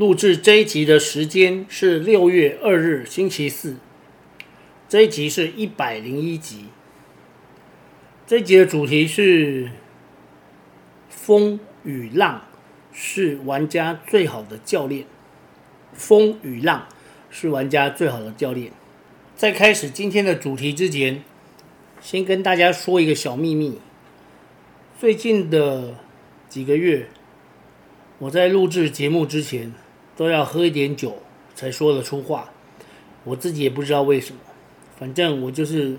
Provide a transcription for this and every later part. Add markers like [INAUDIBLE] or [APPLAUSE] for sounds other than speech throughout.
錄製這一集的時間是六月二日星期四。這一集是一百零一集。這一集的主題是“風與浪是玩家最好的教練”。風與浪是玩家最好的教練。在開始今天的主題之前，先跟大家說一個小秘密。最近的幾個月，我在錄製節目之前。都要喝一點酒才說得出話，我自己也不知道為什麼，反正我就是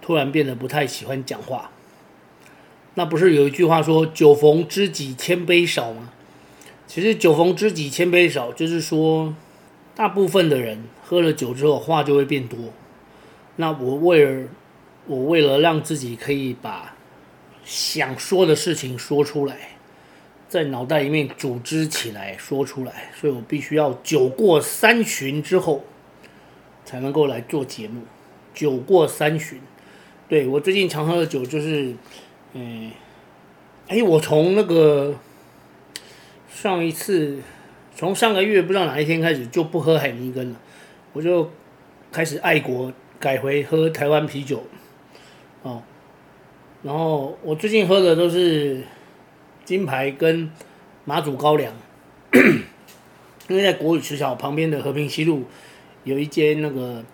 突然變得不太喜歡講話。那不是有一句話說“酒逢知己千杯少”嗎？其實“酒逢知己千杯少”就是說，大部分的人喝了酒之後話就會變多。那我為了我為了讓自己可以把想說的事情說出來。在腦袋裡面組織起來說出來，所以我必須要酒過三巡之後才能夠來做節目。酒過三巡，對，我最近常喝的酒就是，嗯，哎，我從那個上一次，從上個月不知道哪一天開始就不喝海尼根了，我就開始愛國，改回喝台灣啤酒。哦，然後我最近喝的都是。金牌跟馬祖高粱， [COUGHS] 因為在國語學校旁邊的和平西路，有一間那個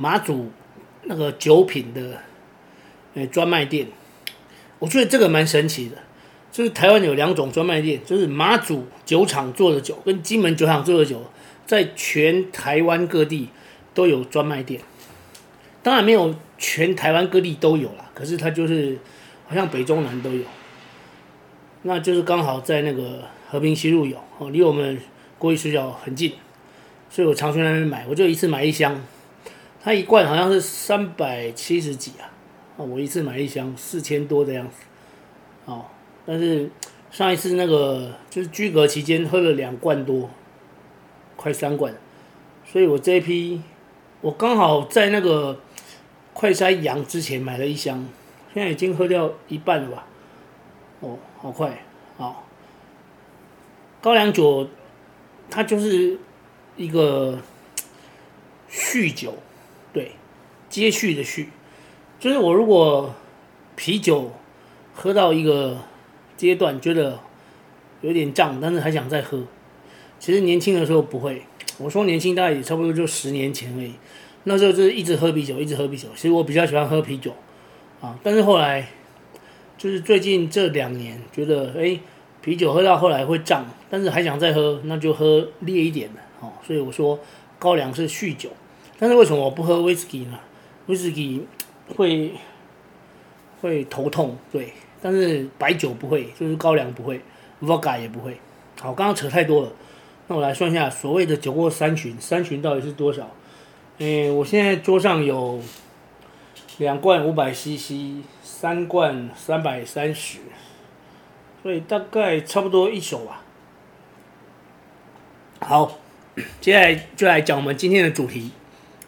馬祖那個酒品的誒專賣店，我覺得這個蠻神奇的。就是台灣有兩種專賣店，就是馬祖酒廠做的酒跟金門酒廠做的酒，在全台灣各地都有專賣店。當然沒有全台灣各地都有啦，可是它就是好像北中南都有。那就是剛好在那個和平西路有，哦，離我們國際學校很近，所以我常去那邊買，我就一次買一箱，它一罐好像是三百七十幾啊，哦，我一次買一箱四千多的樣子，哦，但是上一次那個就是居隔期間喝了兩罐多，快三罐，所以我這一批我剛好在那個快篩陽之前買了一箱，現在已經喝掉一半了吧。好快，好。高粱酒，它就是一個續酒，對，接續的續，就是我如果啤酒喝到一個階段覺得有點脹，但是還想再喝。其實年輕的時候不會，我說年輕大概也差不多就十年前而已，那時候就是一直喝啤酒，一直喝啤酒。其實我比較喜歡喝啤酒，啊，但是後來。就是最近這兩年，覺得哎，啤酒喝到後來會脹，但是還想再喝，那就喝烈一點的哦。所以我說高粱是酗酒，但是為什麼我不喝威士忌呢？威士忌會會頭痛，對，但是白酒不會，就是高粱不會，伏特加也不會。好，剛剛扯太多了，那我來算一下所謂的酒過三巡，三巡到底是多少？哎，我現在桌上有兩罐五百 CC。三罐三百三十，所以大概差不多一手吧。好，接下來就來講我們今天的主題：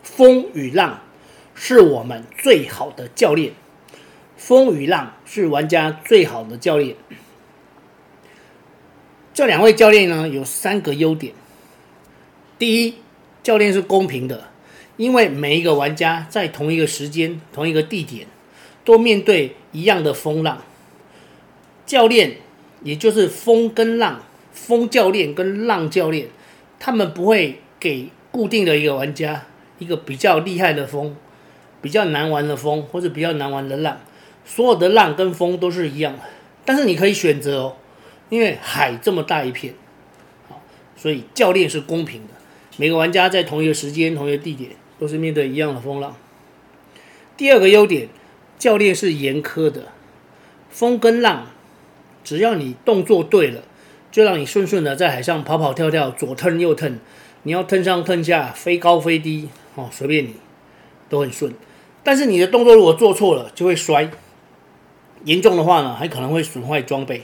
風與浪是我們最好的教練。風與浪是玩家最好的教練。這兩位教練呢，有三個優點。第一，教練是公平的，因為每一個玩家在同一個時間、同一個地點，都面對一樣的風浪，教練，也就是風跟浪，風教練跟浪教練，他們不會給固定的一個玩家一個比較厲害的風，比較難玩的風，或者比較難玩的浪，所有的浪跟風都是一樣的，但是你可以選擇哦，因為海這麼大一片，所以教練是公平的，每個玩家在同一個時間、同一個地點都是面對一樣的風浪。第二個優點。教練是嚴苛的，風跟浪，只要你動作對了，就讓你順順的在海上跑跑跳跳，左騰右騰，你要騰上騰下，飛高飛低，哦，隨便你，都很順。但是你的動作如果做錯了，就會摔，嚴重的話呢，還可能會損壞裝備。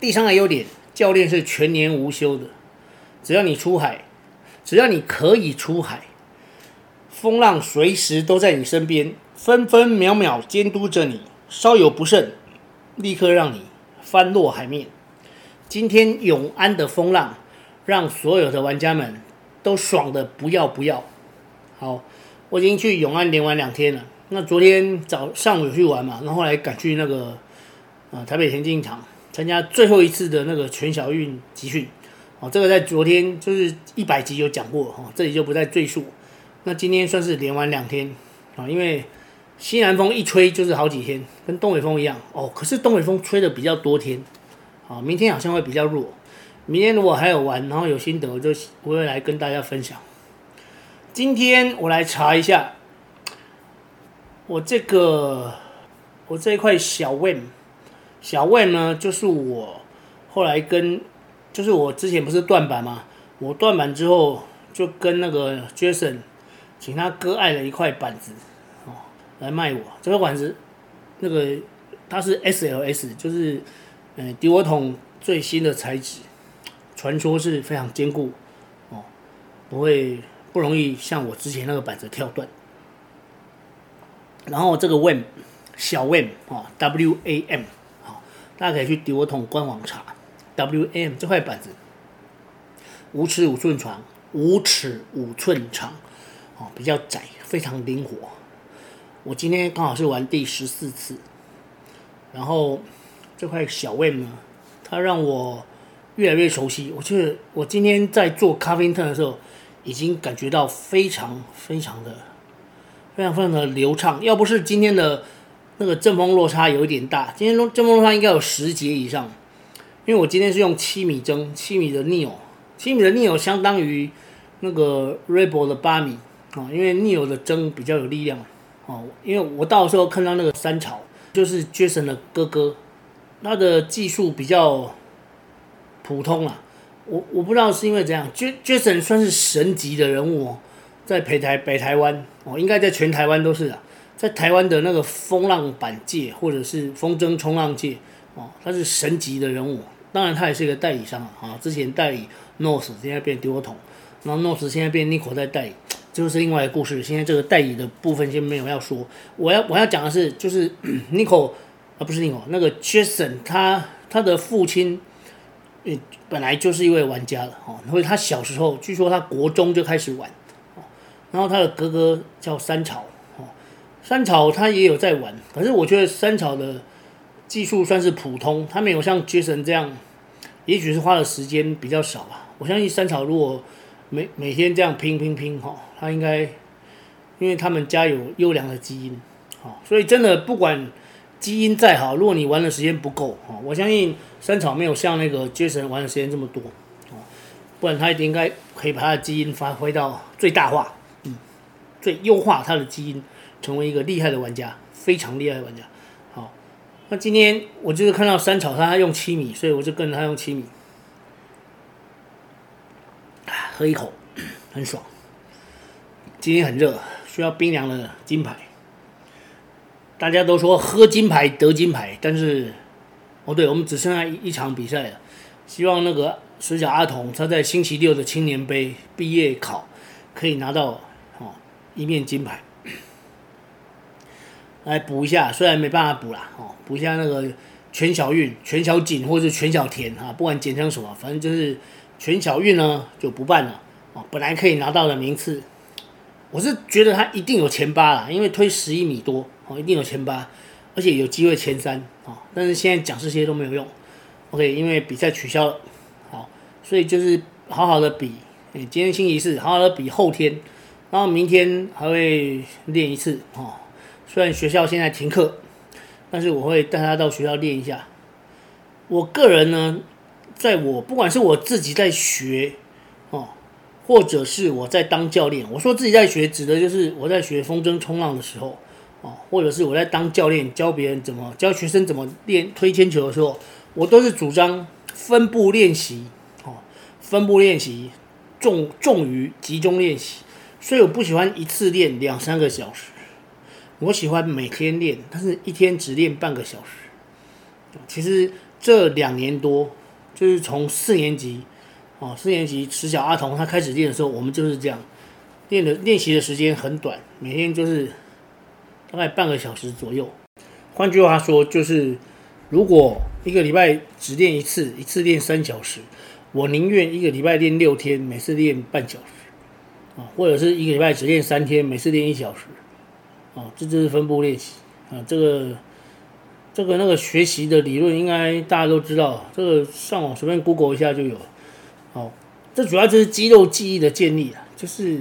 第三個優點，教練是全年無休的，只要你出海，只要你可以出海。風浪隨時都在你身邊，分分秒秒監督着你，稍有不慎，立刻讓你翻落海面。今天永安的風浪，讓所有的玩家們都爽的不要不要。好，我已經去永安連玩兩天了。那昨天早上午有去玩嘛？那後來趕去那個啊、呃、台北田徑場參加最後一次的那個全小運集訓。哦，這個在昨天就是一百集有講過，哈、哦，這裡就不再贅述。那今天算是連玩兩天啊，因為西南風一吹就是好幾天，跟東北風一樣哦。可是東北風吹的比較多天，啊，明天好像會比較弱。明天如果還有玩，然後有心得，我就我會來跟大家分享。今天我來查一下，我這個我這一塊小溫小溫呢，就是我後來跟就是我之前不是斷板嘛，我斷板之後就跟那個 Jason。請他割愛了一塊板子，哦，來賣我這塊板子。那個它是 SLS，就是嗯 Duotone 最新的材質，傳說是非常堅固，哦，不會不容易像我之前那個板子跳斷。然後這個 WAM 小 WAM 啊，W、A、M、哦、W、A、M，啊、哦，大家可以去 Duotone 官網查 W、A、M 這塊板子，五尺五寸長，五尺五寸長。哦，比較窄，非常靈活。我今天剛好是玩第十四次，然後這塊小 VIM 呢，它讓我越來越熟悉。我就是我今天在做 carving turn 的時候，已經感覺到非常非常的、非常非常的流暢。要不是今天的那個陣風落差有一點大，今天陣風落差應該有十節以上。因為我今天是用七米針，七米的 Neil，七米的 Neil 相當於那個 Rebel 的八米。哦，因為你有的針比較有力量，哦，因為我到時候看到那個三朝，就是 Jason 的哥哥，他的技術比較普通啊，我我不知道是因為怎樣，Jason 算是神級的人物哦，在陪台北台灣哦，應該在全台灣都是啊。在台灣的那個風浪板界或者是風箏衝浪界哦，他是神級的人物，當然他也是一個代理商啊、哦，之前代理 NOS 現在變丟桶，然後 NOS 現在變逆 o 在代理。就是另外一個故事。現在這個代理的部分先沒有要說。我要我要講的是，就是 [COUGHS] Nico 啊，不是 Nico 那個 Jason 他他的父親，呃，本來就是一位玩家了哦，因為他小時候，據說他國中就開始玩，然後他的哥哥叫三草，三草他也有在玩，可是我覺得三草的技術算是普通，他沒有像 Jason 這樣，也許是花的時間比較少吧。我相信三草如果每每天這樣拼拼拼哈、哦，他應該，因為他們家有優良的基因，好、哦，所以真的不管基因再好，如果你玩的時間不夠，哈、哦，我相信三草沒有像那個 Jason 玩的時間這麼多，哦，不然他一定應該可以把他的基因發揮到最大化，嗯，最優化他的基因，成為一個厲害的玩家，非常厲害的玩家，好、哦，那今天我就是看到三草他，他用七米，所以我就跟着他用七米。喝一口，很爽。今天很熱，需要冰涼的金牌。大家都說喝金牌得金牌，但是哦，對我們只剩下一，一場比賽了。希望那個水餃阿童他在星期六的青年杯畢業考可以拿到哦一面金牌，來補一下。雖然沒辦法補了哦，補一下那個全小運、全小錦或者是全小田啊，不管簡稱什麼，反正就是。全校運呢，就不辦了啊，本來可以拿到的名次，我是覺得他一定有前八了，因為推十一米多哦，一定有前八，而且有機會前三啊。但是現在講這些都沒有用，OK，因為比賽取消了，好，所以就是好好的比，今天星期四，好好的比後天，然後明天還會練一次啊。雖然學校現在停課，但是我會帶他到學校練一下。我個人呢。在我不管是我自己在學哦，或者是我在當教練，我說自己在學，指的就是我在學風箏衝浪的時候哦，或者是我在當教練教別人怎麼教學生怎麼練推鉛球的時候，我都是主張分步練習哦，分步練習重重於集中練習，所以我不喜歡一次練兩三個小時，我喜歡每天練，但是一天只練半個小時。其實這兩年多。就是從四年級，哦，四年級時小阿童他開始練的時候，我們就是這樣練的，練習的時間很短，每天就是大概半個小時左右。換句話說，就是如果一個禮拜只練一次，一次練三小時，我寧願一個禮拜練六天，每次練半小時，啊，或者是一個禮拜只練三天，每次練一小時，啊，這就是分布練習啊，這個。這個那個學習的理論應該大家都知道，這個上網隨便 Google 一下就有好。哦，這主要就是肌肉記憶的建立啊，就是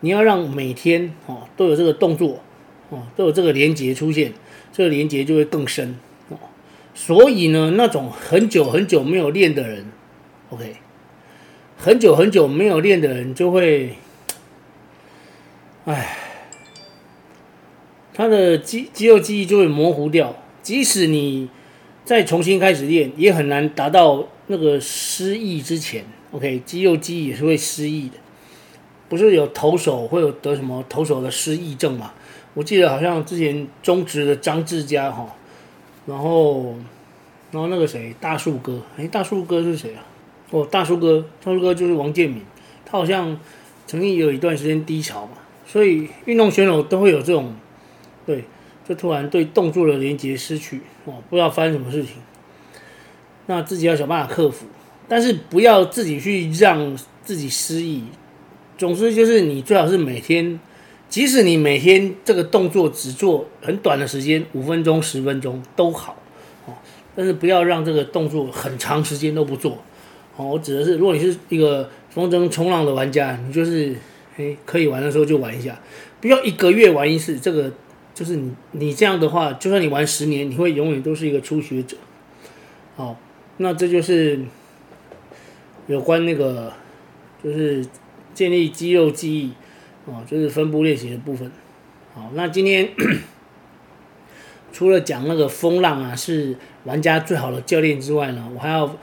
你要讓每天哦都有這個動作哦都有這個連接出現，這個連接就會更深哦。所以呢，那種很久很久沒有練的人，OK，很久很久沒有練的人就會，唉，他的肌肌肉記憶就會模糊掉。即使你再重新開始練，也很難達到那個失憶之前。OK，肌肉記憶也是會失憶的，不是有投手會有得什麼投手的失憶症嘛？我記得好像之前中職的張志佳哈，然後然後那個誰大樹哥，哎、欸，大樹哥是誰啊？哦，大樹哥，大樹哥就是王建民，他好像曾經也有一段時間低潮嘛，所以運動選手都會有這種，對。就突然對動作的連接失去哦，不知道發生什麼事情。那自己要想辦法克服，但是不要自己去讓自己失憶。總之就是，你最好是每天，即使你每天這個動作只做很短的時間，五分鐘、十分鐘都好，哦，但是不要讓這個動作很長時間都不做哦。我指的是，如果你是一個風箏衝浪的玩家，你就是哎可以玩的時候就玩一下，不要一個月玩一次這個。就是你你這樣的話，就算你玩十年，你會永遠都是一個初學者。好，那這就是有關那個就是建立肌肉記憶哦，就是分布練習的部分。好，那今天 [COUGHS] 除了講那個風浪啊是玩家最好的教練之外呢，我還要、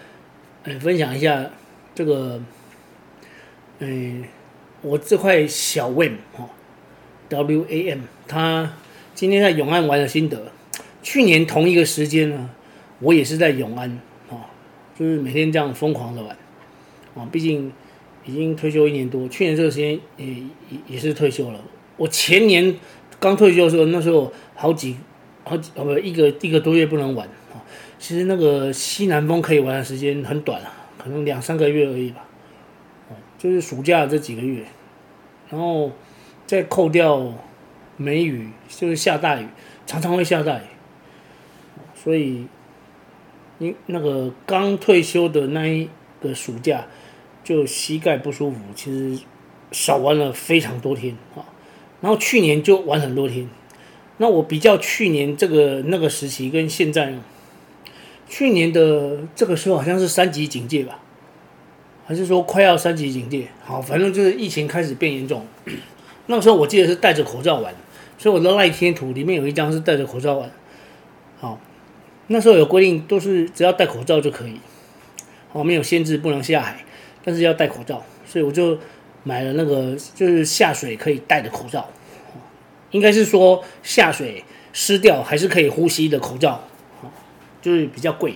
呃、分享一下這個，嗯、呃，我這塊小 WAM、哦、WAM 它。今天在永安玩的心得，去年同一個時間呢，我也是在永安啊、哦，就是每天這樣瘋狂的玩啊、哦。畢竟已經退休一年多，去年這個時間也也也是退休了。我前年剛退休的時候，那時候好幾好幾哦，不，一個一個多月不能玩啊、哦。其實那個西南風可以玩的時間很短啊，可能兩三個月而已吧。哦，就是暑假這幾個月，然後再扣掉。梅雨就是下大雨，常常會下大雨，所以，你那個剛退休的那一個暑假，就膝蓋不舒服，其實少玩了非常多天啊。然後去年就玩很多天，那我比較去年這個那個時期跟現在，去年的這個時候好像是三級警戒吧，還是說快要三級警戒？好，反正就是疫情開始變嚴重。那個時候我記得是戴着口罩玩。所以我的那一天圖裡面有一張是戴着口罩玩，好，那時候有規定都是只要戴口罩就可以，好，沒有限制不能下海，但是要戴口罩，所以我就買了那個就是下水可以戴的口罩，應該是說下水濕掉還是可以呼吸的口罩，就是比較貴，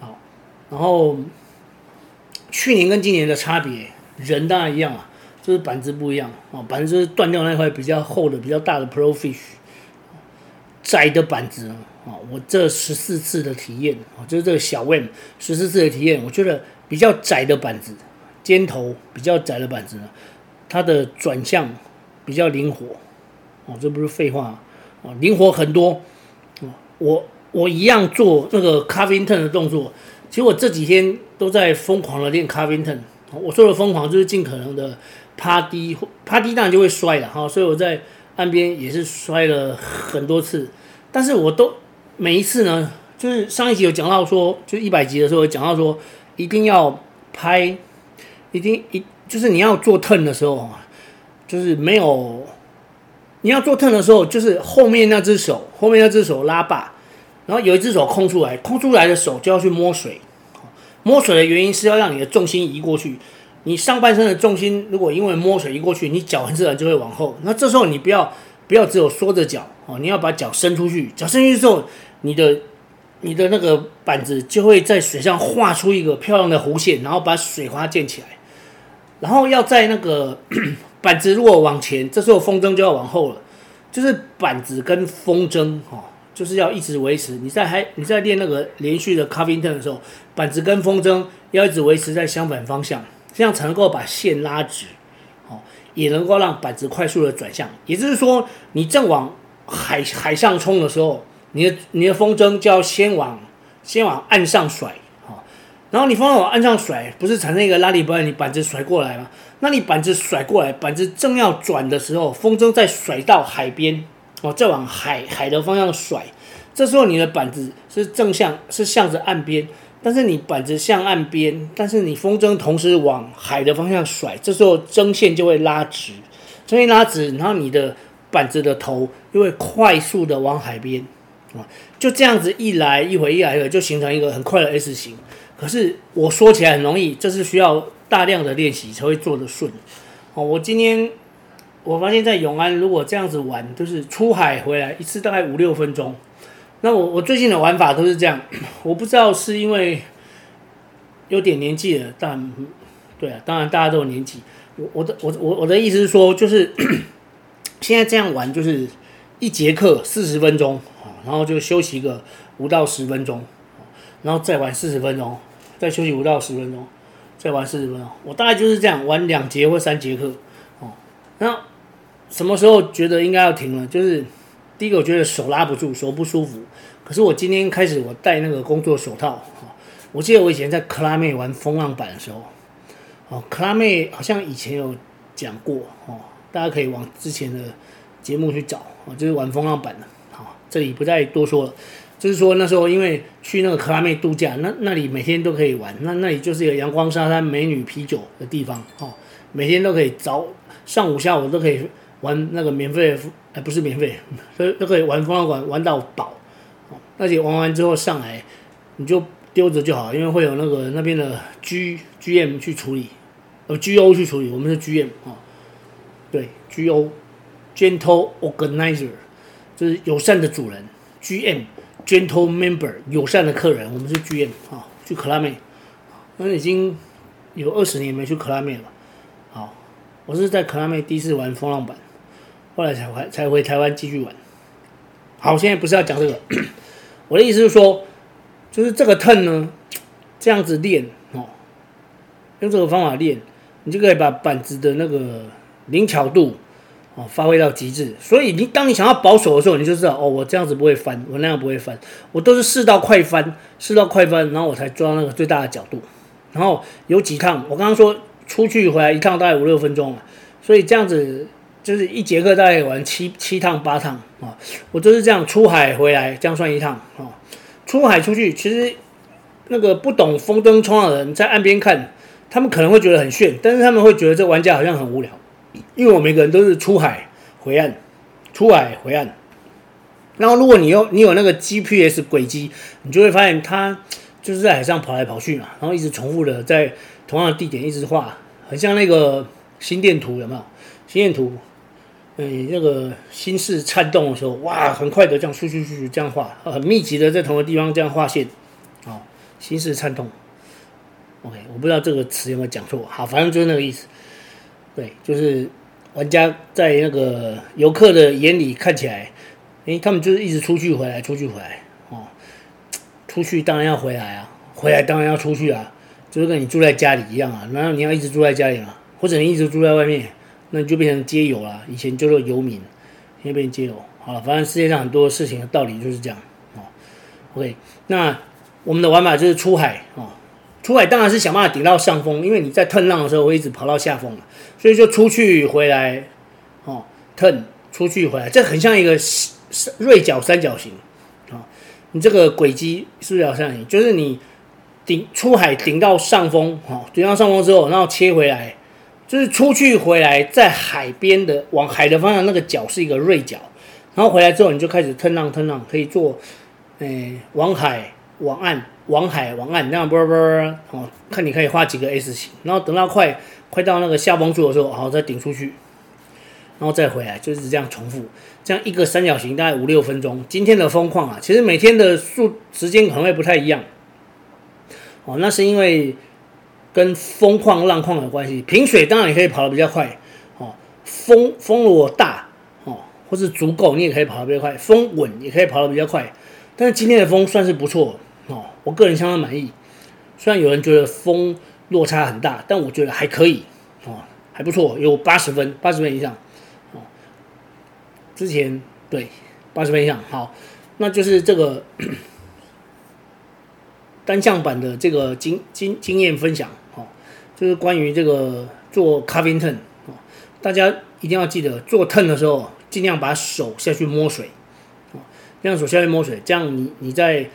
好，然後去年跟今年的差別人大一樣啊。就是板子不一樣啊，板子就是斷掉那塊比較厚的，比較大的 Pro Fish，窄的板子啊。我這十四次的體驗啊，就是這個小 M 十四次的體驗，我覺得比較窄的板子，尖頭比較窄的板子呢，它的轉向比較靈活哦，這不是廢話啊，靈活很多，我我一樣做那個 Carving Turn 的動作，其實我這幾天都在瘋狂的練 Carving Turn。我做的瘋狂就是盡可能的。趴低趴低，低當然就會摔了哈。所以我在岸邊也是摔了很多次，但是我都每一次呢，就是上一集有講到說，就一百集的時候有講到說，一定要拍，一定一就是你要做 turn 的時候，就是沒有，你要做 turn 的時候，就是後面那只手，後面那只手拉把，然後有一只手空出來，空出來的手就要去摸水，摸水的原因是要讓你的重心移過去。你上半身的重心，如果因為摸水一過去，你腳很自然就會往後。那這時候你不要不要只有縮着腳哦，你要把腳伸出去。腳伸出去之後，你的你的那個板子就會在水上畫出一個漂亮的弧線，然後把水花濺起來。然後要在那個 [COUGHS] 板子如果往前，這時候風箏就要往後了。就是板子跟風箏哦，就是要一直維持。你在還你在練那個連續的 carving turn 的時候，板子跟風箏要一直維持在相反方向。這樣才能夠把線拉直，哦，也能夠讓板子快速的轉向。也就是說，你正往海海上衝的時候，你的你的風箏就要先往先往岸上甩，哦，然後你風箏往岸上甩，不是產生一個拉力把你板子甩過來嗎？那你板子甩過來，板子正要轉的時候，風箏再甩到海邊，哦，再往海海的方向甩，這時候你的板子是正向是向着岸邊。但是你板子向岸邊，但是你風箏同時往海的方向甩，這時候箏線就會拉直，箏線拉直，然後你的板子的頭就會快速的往海邊，啊，就這樣子一來一回，一來一回就形成一個很快的 S 型。可是我說起來很容易，這是需要大量的練習才會做得順。哦，我今天我發現在永安，如果這樣子玩，就是出海回來一次大概五六分鐘。那我我最近的玩法都是這樣，我不知道是因為有點年紀了，但對啊，當然大家都有年紀。我我的我我我的意思是說，就是 [COUGHS] 現在這樣玩，就是一節課四十分鐘，然後就休息個五到十分鐘，然後再玩四十分鐘，再休息五到十分鐘，再玩四十分鐘。我大概就是這樣玩兩節或三節課哦。那什麼時候覺得應該要停了？就是。第一個我覺得手拉不住，手不舒服。可是我今天開始我戴那個工作手套，哦，我記得我以前在克拉妹玩風浪板的時候，克拉妹好像以前有講過哦，大家可以往之前的節目去找，哦，就是玩風浪板的，哦，這裡不再多說了，就是說那時候因為去那個克拉妹度假，那那裡每天都可以玩，那那裡就是有陽光沙灘、美女啤酒的地方哦，每天都可以早上午、下午都可以。玩那個免費哎，欸、不是免費，這這個玩風浪板玩到飽，哦，那些玩完之後上來你就丟着就好，因為會有那個那邊的 G GM 去處理，呃，GO 去處理，我們是 GM 啊、哦，對，GO Gentle Organizer 就是友善的主人，GM Gentle Member 友善的客人，我們是 GM 啊、哦，去克拉妹，那已經有二十年沒去克拉妹了，好、哦，我是在克拉妹第一次玩風浪板。後來才回才回台灣繼續玩。好，現在不是要講這個，我的意思是說，就是這個疼呢，這樣子練哦，用這個方法練，你就可以把板子的那個靈巧度哦發揮到極致。所以你當你想要保守的時候，你就知道哦、喔，我這樣子不會翻，我那樣不會翻，我都是試到快翻，試到快翻，然後我才抓那個最大的角度，然後有幾趟。我剛剛說出去回來一趟大概五六分鐘，所以這樣子。就是一節課大概玩七七趟、八趟啊，我就是這樣出海回來，這樣算一趟啊。出海出去，其實那個不懂風燈衝浪的人在岸邊看，他們可能會覺得很炫，但是他們會覺得這玩家好像很無聊，因為我每個人都是出海回岸，出海回岸。然後如果你有你有那個 GPS 軌跡，你就會發現他就是在海上跑來跑去嘛，然後一直重複的在同樣的地點一直畫，很像那個心電圖有沒有？心電圖。嗯，那個心室顫動的時候，哇，很快的這樣，去出去，這樣畫，很、呃、密集的在同一個地方這樣畫線，哦，心室顫動。OK，我不知道這個詞有沒有講錯，好，反正就是那個意思。對，就是玩家在那個遊客的眼裡看起來，誒他們就是一直出去回來，出去回來，哦，出去當然要回來啊，回來當然要出去啊，就是跟你住在家裡一樣啊，難道你要一直住在家裡嗎？或者你一直住在外面？那你就變成街友啦，以前叫做游民，現在變成街友。好了，反正世界上很多事情的道理就是這樣哦。OK，那我們的玩法就是出海哦，出海當然是想辦法頂到上風，因為你在 turn 浪的時候會一直跑到下風嘛，所以就出去回來哦，turn 出去回來，這很像一個銳角三角形，你這個軌跡是不是好像，就是你頂出海頂到上風哦，頂到上風之後，然後切回來。就是出去回來，在海邊的往海的方向，那個角是一個銳角，然後回來之後你就開始吞浪吞浪，可以做，誒、呃，往海往岸往海往岸那樣啵啵，啵，啵，啵哦，看你可以畫幾個 S 型，然後等到快快到那個下風處的時候，好，再頂出去，然後再回來，就是這樣重複，這樣一個三角形大概五六分鐘。今天的風況啊，其實每天的數時間可能會不太一樣，哦，那是因為。跟風況浪況有關係，平水當然也可以跑得比較快，哦，風風如果大哦，或是足夠，你也可以跑得比較快，風穩也可以跑得比較快，但是今天的風算是不錯哦，我個人相當滿意，雖然有人覺得風落差很大，但我覺得還可以哦，還不錯，有八十分，八十分以上哦，之前，對，八十分以上，好，那就是這個 [COUGHS] 單向板的這個經經經驗分享。就是關於這個做 carving turn、哦、大家一定要記得做 turn 的時候，盡量把手下去摸水、哦、這樣手下去摸水，這樣你你在、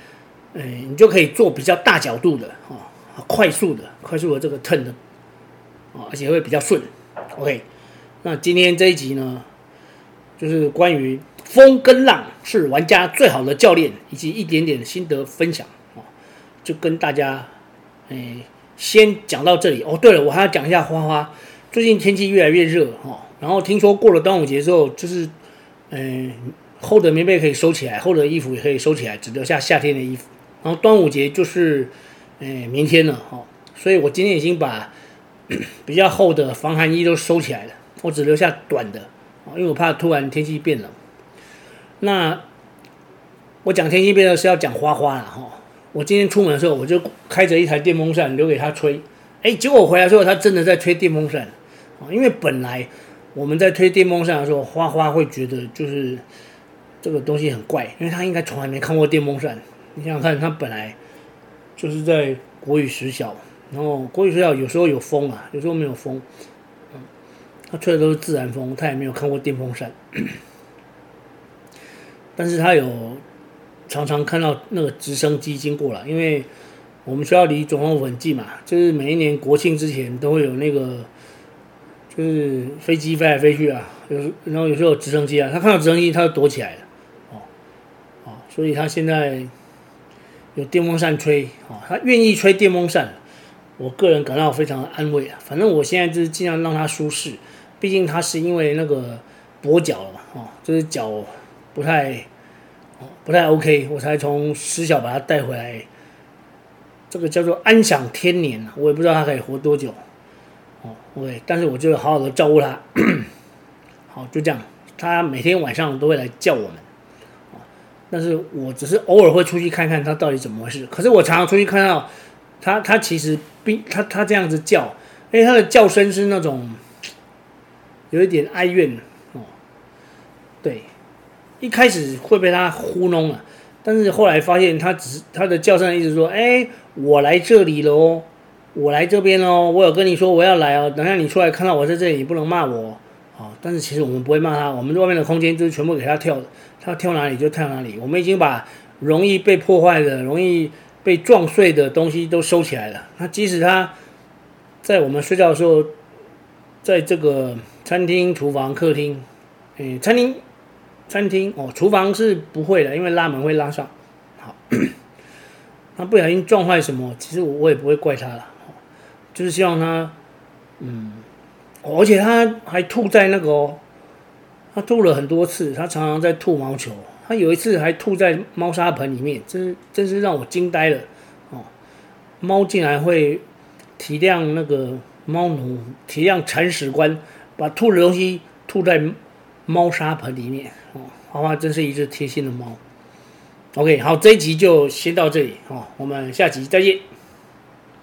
欸，你就可以做比較大角度的啊、哦，快速的、快速的這個 turn 的、哦、而且會比較順。OK，那今天這一集呢，就是關於風跟浪是玩家最好的教練，以及一點點的心得分享、哦、就跟大家、欸先講到這裡哦。對了，我還要講一下花花。最近天氣越來越熱哈、哦，然後聽說過了端午節之後，就是，嗯、呃，厚的棉被可以收起來，厚的衣服也可以收起來，只留下夏天的衣服。然後端午節就是，哎、呃，明天了哈、哦。所以我今天已經把呵呵比較厚的防寒衣都收起來了，我只留下短的，哦、因為我怕突然天氣變冷。那我講天氣變冷是要講花花了哈。哦我今天出門的時候，我就開着一台電風扇留給他吹，哎，結果我回來之後，他真的在吹電風扇，啊，因為本來我們在吹電風扇的時候，花花會覺得就是這個東西很怪，因為他應該從來沒看過電風扇。你想想看，他本來就是在國語學校，然後國語學校有時候有風啊，有時候沒有風，嗯，他吹的都是自然風，他也沒有看過電風扇，但是他有。常常看到那個直升機經過了，因為我們學校離總統府很近嘛，就是每一年國慶之前都會有那個，就是飛機飛來飛去啊，有時然後有時候有直升機啊，他看到直升機他就躲起來了，哦哦，所以他現在有電風扇吹啊，哦，他願意吹電風扇，我個人感到非常安慰啊，反正我現在就是盡量讓他舒適，畢竟他是因為那個跛腳了啊，就是腳不太。哦、不太 OK，我才從私小把他帶回來，這個叫做安享天年我也不知道他可以活多久，哦，OK，但是我就好好的照顧他。好，就這樣，他每天晚上都會來叫我們、哦，但是我只是偶爾會出去看看他到底怎麼回事。可是我常常出去看到他他其實並他他,他這樣子叫，因為他的叫聲是那種有一點哀怨哦，對。一開始會被他糊弄了、啊，但是後來發現他只是他的叫聲一直說：“哎，我來這裡了哦，我來這邊哦，我有跟你說我要來哦，等下你出來看到我在這裡，你不能罵我哦。”但是其實我們不會罵他，我們外面的空間就是全部給他跳的，他跳哪裡就跳哪裡。我們已經把容易被破壞的、容易被撞碎的東西都收起來了。那即使他在我們睡覺的時候，在這個餐廳、廚房、客廳，哎、嗯，餐廳。餐廳哦，廚房是不會的，因為拉門會拉上。好， [COUGHS] 他不小心撞壞什麼，其實我也不會怪他了、哦，就是希望他，嗯，哦、而且他還吐在那個、哦，他吐了很多次，他常常在吐毛球，他有一次還吐在貓砂盆裡面，真是真是讓我驚呆了哦，貓竟然會體諒那個貓奴，體諒鏟屎官，把吐的東西吐在。貓砂盆裡面哦，花花真是一隻貼心的貓。OK，好，這一集就先到這裡哦，我們下集再見。